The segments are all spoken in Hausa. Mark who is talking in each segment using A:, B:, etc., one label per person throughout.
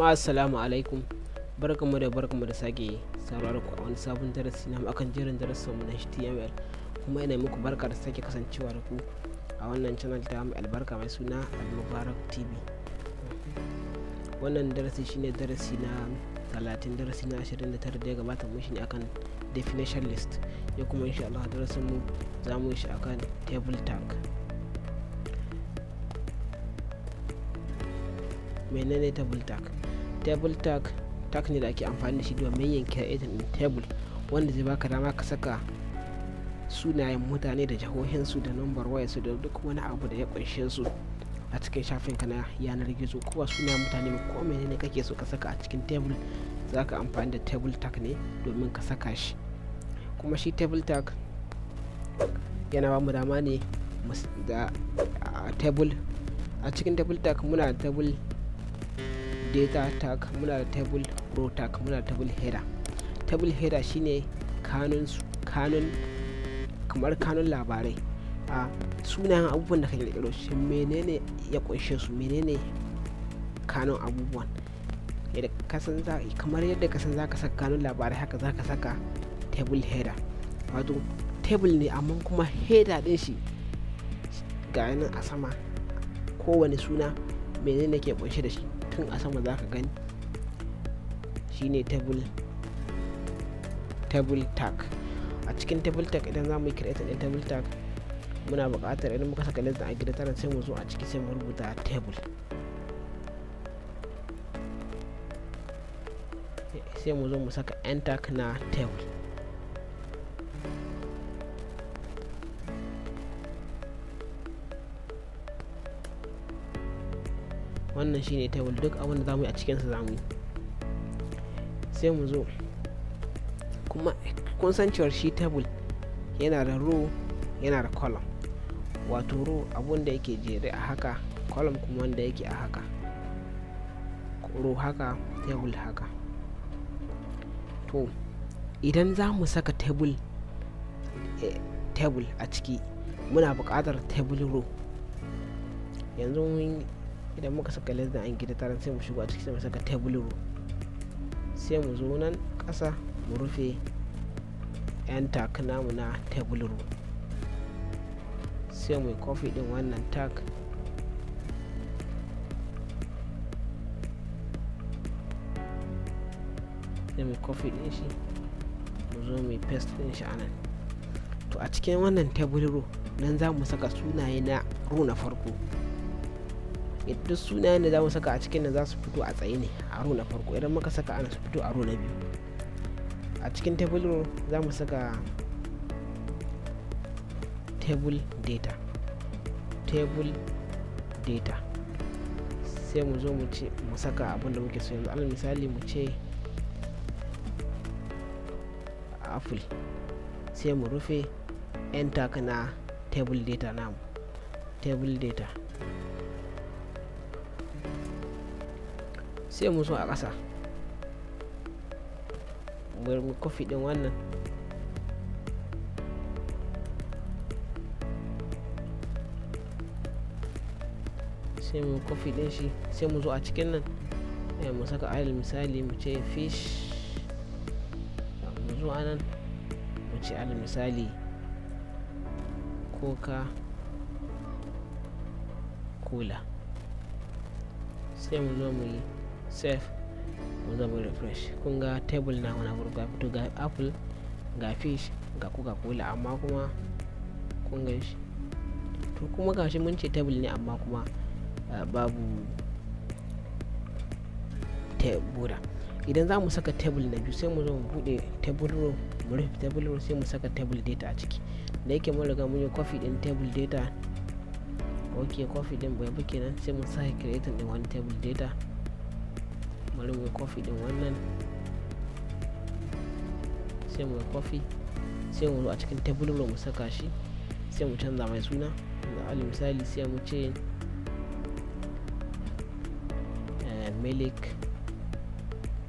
A: jama'a assalamu alaikum barkamu da barkamu da sake sauraro ku a wani sabon darasi na akan jerin darasin mu na HTML kuma ina muku barka da sake kasancewa da ku a wannan channel ta mu albarka mai suna Al-Mubarak TV wannan darasi shine darasi na 30 darasi na 29 da ya gabata mu shi ne akan definition list ya kuma insha Allah darasin mu za mu shi akan table tag menene table tag table tag tag ne da ake amfani da shi domin yin creating din table wanda zai baka dama ka saka sunayen mutane da jahohinsu da number su da duk wani abu da ya kunshe su a cikin shafin ka na yanar gizo ko sunayen mutane ko menene kake so ka saka a cikin table za ka amfani da table tag ne domin ka saka shi kuma shi table tag yana ba mu dama ne da table a cikin table tag muna table data tag muna da table row tag muna da table header table header shine kanun kanun kamar kanun labarai a sunayen abubuwan da ka kirkiro shi menene ya kunshe su menene kanun abubuwan kamar yadda ka san za ka saka kanun labarai haka za ka saka table header wato table ne amma kuma header din shi ga nan a sama kowane suna menene ke kunshe da shi tun a sama za ka gani shine table table tag a cikin table tag idan za mu yi create ɗin table tag muna buƙatar idan muka saka lesson a gida tara sai mu zo a ciki sai mu rubuta table sai mu zo mu saka enter na table wannan shine table duk abin da zamu yi a cikinsa zamu yi sai mu zo kuma kun san cewar shi table yana da row yana da column wato row abun da yake jere a haka column kuma wanda yake a haka row haka table haka to idan za mu saka eh, table a ciki muna buƙatar table row yanzu idan muka saka less than an gida taron sai mu shigo a ciki sai mu saka table row sai mu zo nan ƙasa mu rufe yan takuna mu na table row sai mu yi kofi din wannan tak sai mu yi kofi din shi mu zo mu paste din shi anan to a cikin wannan table row nan za mu saka sunaye na row na farko Eh, duk sunayen da za mu saka a cikin da za su fito a tsaye ne a aro na farko idan muka saka ana su fito a aro na biyu a cikin table row za mu saka table data table data sai mu zo mu ce mu saka abin da muke so yanzu alal misali mu ce apple sai mu rufe enter kana table data namu table data sai mu zo a ƙasa bari mu kofi ɗin wannan sai mu kofi ɗin shi sai mu zo a cikin nan eh, mu saka alal misali mu ce fish mu zo nan, mu ce alal misali coca cola sai mu zo mu yi save mu zama refresh kun ga table na wani abu ga fito ga apple ga fish ga coca cola amma kuma kun shi to kuma gashi mun ce table ne amma kuma babu tebura idan za mu saka table na biyu sai mu zo mu bude table row mu rufe table row sai mu saka table data a ciki da yake mun riga mun yi coffee din table data ok coffee din bai buke nan sai mu sake creating din wani table data bari mu kofi din wannan sai mu kofi sai mu a cikin tabular mu saka shi sai mu canza mai suna da alal misali sai mu ce eh, milik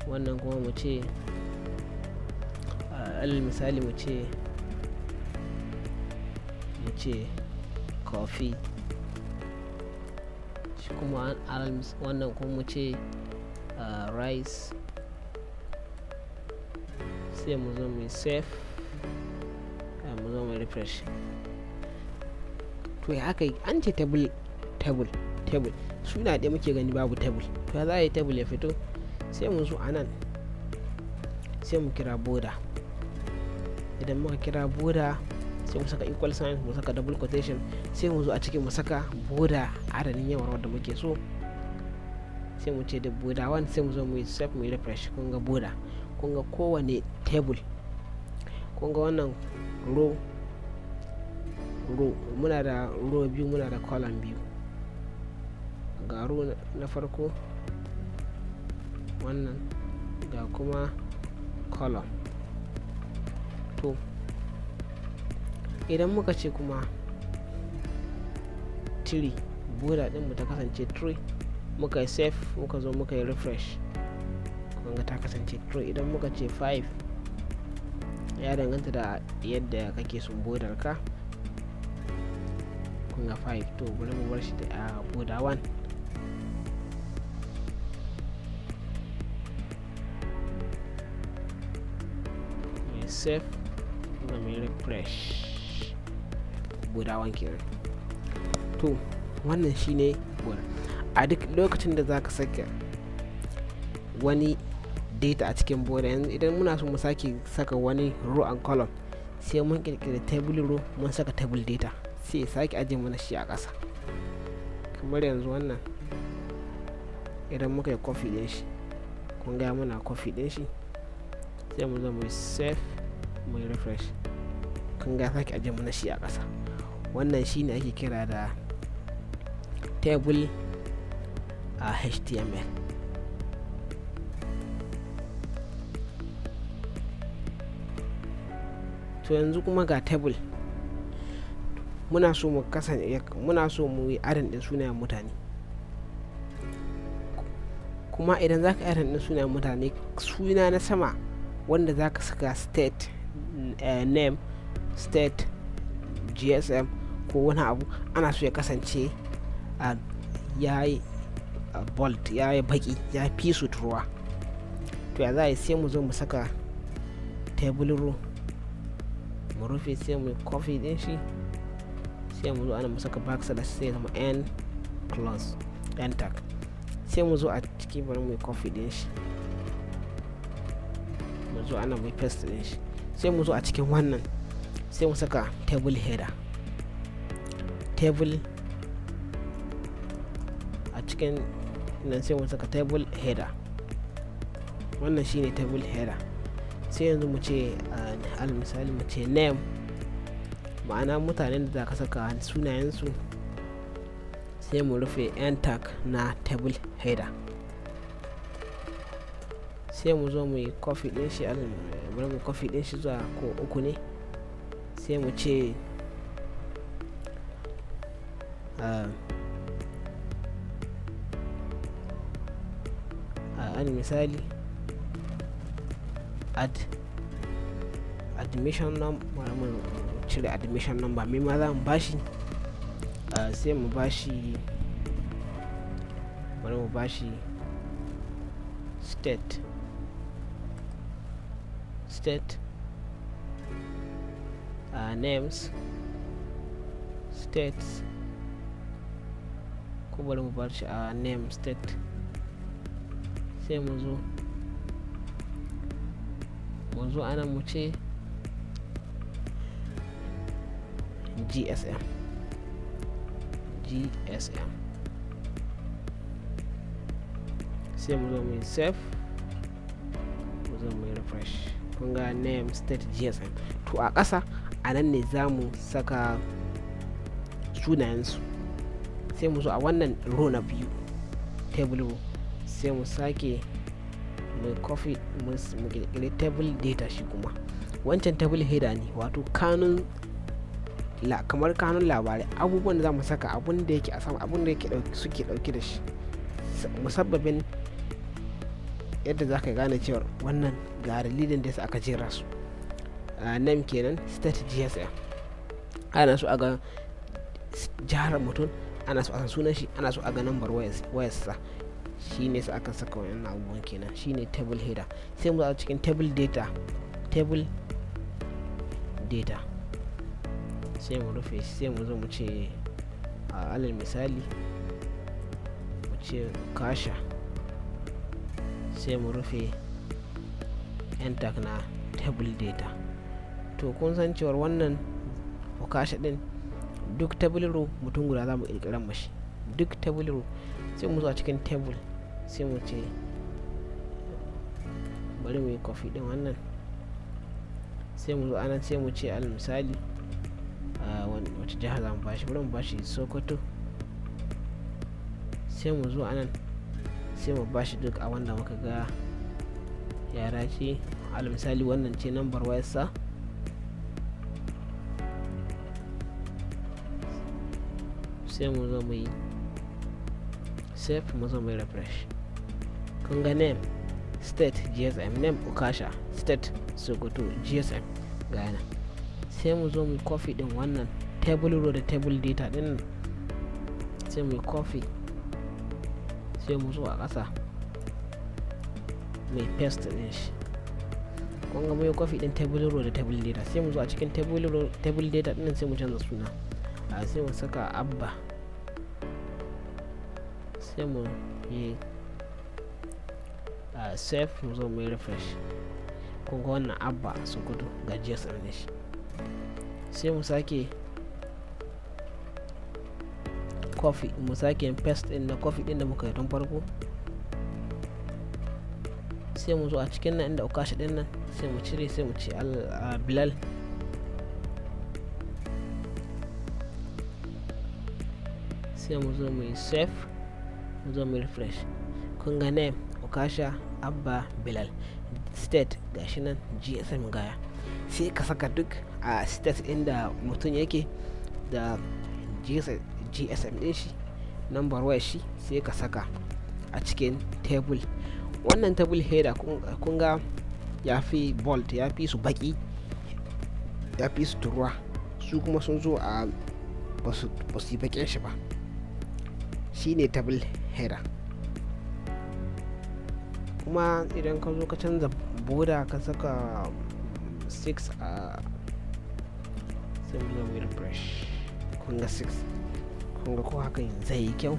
A: wannan kuma mu ce eh, alal misali mu ce mu ce kofi shi kuma wannan kuma mu ce uh, rice sai mu zo mu save mu refresh to ya haka an ce table table table suna ɗaya muke gani babu table to za a yi table ya fito sai mu zo anan sai mu kira boda idan muka kira boda sai mu saka equal sign mu saka double quotation sai mu zo a cikin mu saka boda adadin yawan wadda muke so sai mu ce da boda wani sai mu zo mu yi save mu yi refresh kun ga boda kun ga kowane table kun ga wannan row row muna da row biyu muna da column biyu ga row na farko wannan ga kuma column to idan muka ce kuma tiri boda din mu ta kasance tree muka yi safe muka zo muka yi refresh ga ta kasance true idan muka ce 5 ya danganta da yadda kake sun bodar ka kunga 5 to bari mu bar shi da ah, boda 1 save kuma mai refresh boda 1 to wannan shine ne a duk lokacin da za ka sake wani data a cikin boda yanzu idan muna so mu sake saka wani row and column sai mun kirkiri table row mun saka table data sai ya sake ajiye mana shi a ƙasa kamar yanzu wannan idan muka yi kofi ɗin shi kun ga muna kofi ɗin shi sai mu zo mu save mu refresh kun ga sake ajiye mana shi a ƙasa wannan shine ake kira da table a html to yanzu kuma ga table muna so mu kasance muna so mu yi adin din sunayen mutane kuma idan za ka adin din sunayen mutane suna na sama wanda za ka saka state eh, name state gsm ko wani abu ana so ya kasance ah, ya yi bolt ya yi baki ya fi su turuwa to ya za a yi sai mu zo mu saka table row mu rufe sai mu coffee din shi sai mu zo ana mu saka back da sai zama n close n tag sai mu zo a ciki bari mu coffee din shi mu zo ana mu paste din shi sai mu zo a cikin wannan sai mu saka table header table a cikin nan sai mu saka table header wannan shine table header sai yanzu mu ce al misali mu ce name ma'ana mutanen da za ka saka sunayensu sai mu rufe yan tag na table header sai mu zo mu yi kofi din shi al mu din shi zuwa ko uku ne sai mu ce ani misali add admission number cire admission number me ma za mu bashi sai mu bashi bari mu bashi state state uh, names states ko bari mu bashi uh, name state sai mu zo mu zo anan mu ce gsm gsm sai mu zo mu yi save mu zo mu yi refresh kun ga name state gsm to a ƙasa a nan ne za mu saka sunayensu sai mu zo a wannan row na biyu table sai mu sake mu kofi mu kirkiri table data shi kuma wancan table header ne wato kanun kamar kanun labarai abubuwan da za mu saka abun da yake a sama abun da yake suke dauki da shi musabbabin yadda za ka gane cewar wannan ga dalilin da aka jera su nan kenan state gsm ana so a ga jihar mutum ana so a san sunan shi ana so a ga nambar wayarsa shi ne sa aka saka wannan abubuwan kenan shi ne table header sai mu zaɓa cikin table data table data sai mu rufe sai mu zo mu ce a alal misali mu ce kasha sai mu rufe yan na table data to kun san cewar wannan kasha din duk table row mutum guda za mu ƙirƙirar mashi duk table row sai mu zo a cikin table sai mu ce bari mu yi kofi din wannan sai mu zo anan sai mu ce al misali wacce jiha za mu bashi bari mu bashi sokoto sai mu zo anan sai mu bashi duk a wanda muka ga yara ce al misali wannan ce nambar wayarsa sai mu zo mu yi safe mu zo mu yi refresh kun ga name state gsm name ukasha state sokoto gsm gana sai mu zo mu kofi din wannan table row da table data din sai mu kofi sai mu zo a ƙasa mai paste din shi kun ga mai kofi din table row da table data sai mu zo a cikin table row table data din sai mu canza suna a sai mu saka abba sai mu yi safe mu zo mu refresh kun wannan abba su gudu ga js shi sai mu sake coffee mu sake paste in na coffee din da muka yi don farko sai mu zo a cikin nan inda ukashi din nan sai mu cire sai mu ce bilal sai mu zo mu yi safe mu zo mu refresh kunga name okasha abba bilal state gashi nan gsm gaya sai ka saka duk a state inda mutum yake da gsm din shi number waya shi sai ka saka a cikin table wannan table header kun ga ya fi bolt ya fi su baki ya fi su turuwa su kuma sun zo a ba su yi shi ba shine table header kuma idan ka zo ka canza boda ka saka 6 a similar wheel brush kunga 6 kunga ko hakan zai yi kyau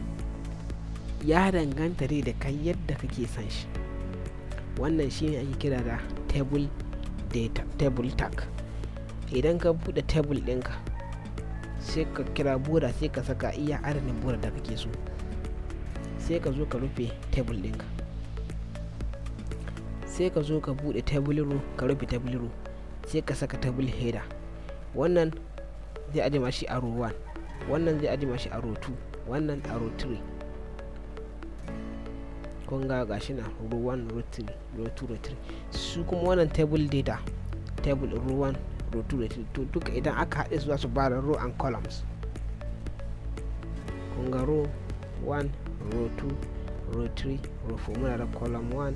A: ya danganta dai da kai yadda kake san shi wannan shine ake kira da table data table tag idan ka bude table ɗinka sai ka kira boda sai ka saka iya adadin boda da kake so sai ka zo ka rufe table ɗinka sai ka zo ka bude table row ka rufe table row sai ka saka table header wannan zai ajima shi a row 1 wannan zai ajima shi a row 2 wannan a row 3 kun ga gashi na row 1 row 3 row 2 row 3 su kuma wannan table data table row 1 row 2 row 3 to duka idan aka haɗe su za su ba da row and columns kun ga row 1 row 2 row 3 row 4 muna da column 1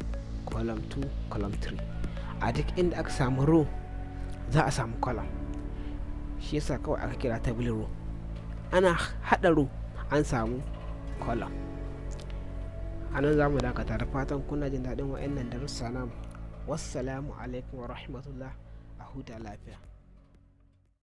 A: column 2 column 3 a duk inda aka samu row za a samu column shi yasa kawai aka kira table row ana haɗa row an samu column a nan za mu dakata da fatan kuna jin daɗin wa'annan darussa namu wassalamu alaikum wa rahmatullah a huta lafiya